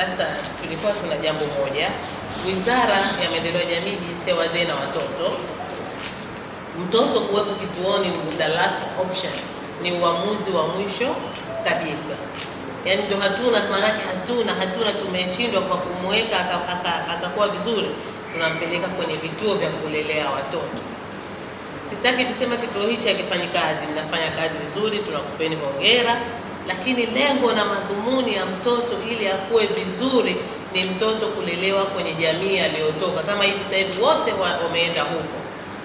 Sasa tulikuwa tuna jambo moja, Wizara ya Maendeleo ya Jamii, Jinsia, Wazee na Watoto. Mtoto kuwepo kituoni ni the last option, ni uamuzi wa mwisho kabisa. Yaani ndio hatuna, maanake hatuna hatuna, tumeshindwa kwa kumweka akakuwa vizuri, tunampeleka kwenye vituo vya kulelea watoto. Sitaki kusema kituo hichi hakifanyi kazi, mnafanya kazi vizuri, tunakupeni hongera lakini lengo na madhumuni ya mtoto ili akuwe vizuri ni mtoto kulelewa kwenye jamii aliyotoka. Kama hivi sasa hivi wote wameenda huko,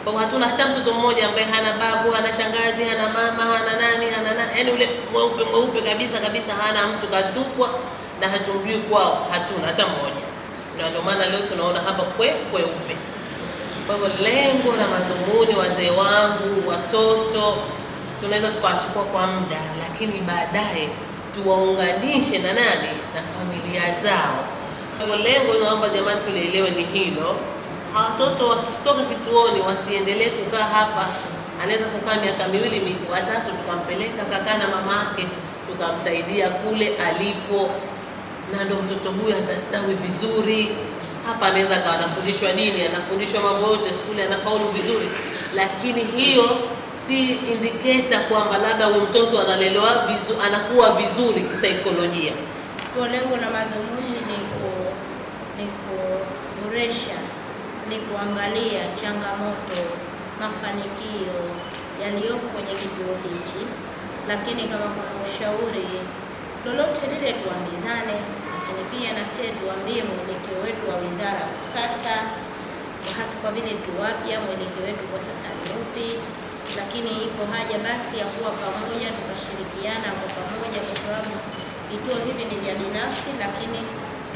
kwa hiyo hatuna hata mtoto mmoja ambaye hana babu, hana shangazi, hana mama, hana nani, hana nani, yaani ule mweupe mweupe kabisa kabisa, hana mtu, katupwa na hatumjui kwao, hatuna hata mmoja, na ndio maana leo tunaona hapa kwe kweupe. Kwa hivyo lengo na madhumuni, wazee wangu, watoto tunaweza tukawachukua kwa muda, lakini baadaye tuwaunganishe na nani, na familia zao. Kwa lengo, naomba jamani, tulielewe ni hilo. Watoto wakitoka kituoni wasiendelee kukaa hapa. Anaweza kukaa miaka miwili watatu, tukampeleka kakaa na mama yake, tukamsaidia kule alipo, na ndo mtoto huyu atastawi vizuri. Hapa anaweza akawa anafundishwa dini, anafundishwa mambo yote, skuli, anafaulu vizuri lakini hiyo si indiketa kwamba labda huyu mtoto analelewa vizu, anakuwa vizuri kisaikolojia. Kwa lengo na madhumuni ni kuboresha, ni kuangalia changamoto, mafanikio yaliyopo kwenye kituo hichi, lakini kama kuna ushauri lolote lile tuambizane, lakini pia na sisi tuambie mwelekeo wetu wa wizara sasa hasa kwa vile tu wapya, mwelekeo wetu kwa sasa ni upi, lakini ipo haja basi ya kuwa pamoja, tukashirikiana kwa pamoja, kwa sababu vituo hivi ni vya binafsi, lakini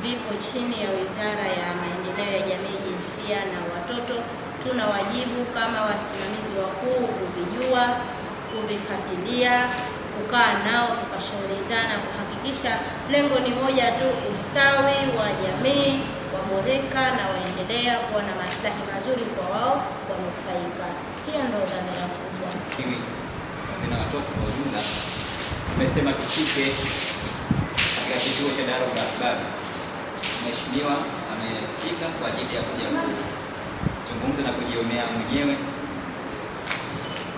vipo chini ya Wizara ya Maendeleo ya Jamii, Jinsia na Watoto. Tuna wajibu kama wasimamizi wakuu kuvijua, kuvifuatilia, kukaa nao, tukashauriana kuhakikisha lengo ni moja tu, ustawi wa jamii waboreka na waendelea kuwa na maslahi mazuri kwa wao wanufaika. Hiyo ndio dhana ya kubwa. kiwi Zina watoto kwa ujumla, tumesema tufike katika kituo cha dharura Kibabi. Mheshimiwa amefika kwa ajili ya kuja kuzungumza na kujionea mwenyewe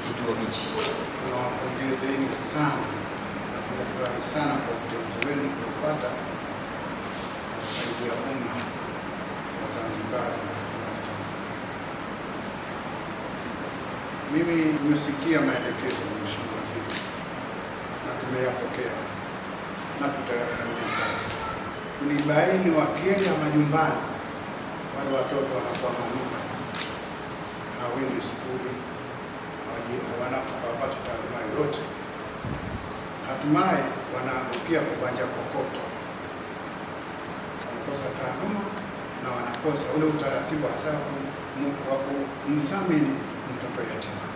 kituo hichi. Nawapongezeni sana na tunafurahi sana kwa uteuzi wenu kupata kusaidia umma. Mimi nimesikia maelekezo ya Mheshimiwa Waziri na tumeyapokea na tutayafanyia kazi. Tulibaini wakienda majumbani, wale watoto wanakwama nyuma, hawendi skuli, hawapati taaluma yoyote, hatimaye wanaangukia kubanja kokoto, wanakosa taaluma na wanakosa ule utaratibu hasa wa kumthamini appropriate time.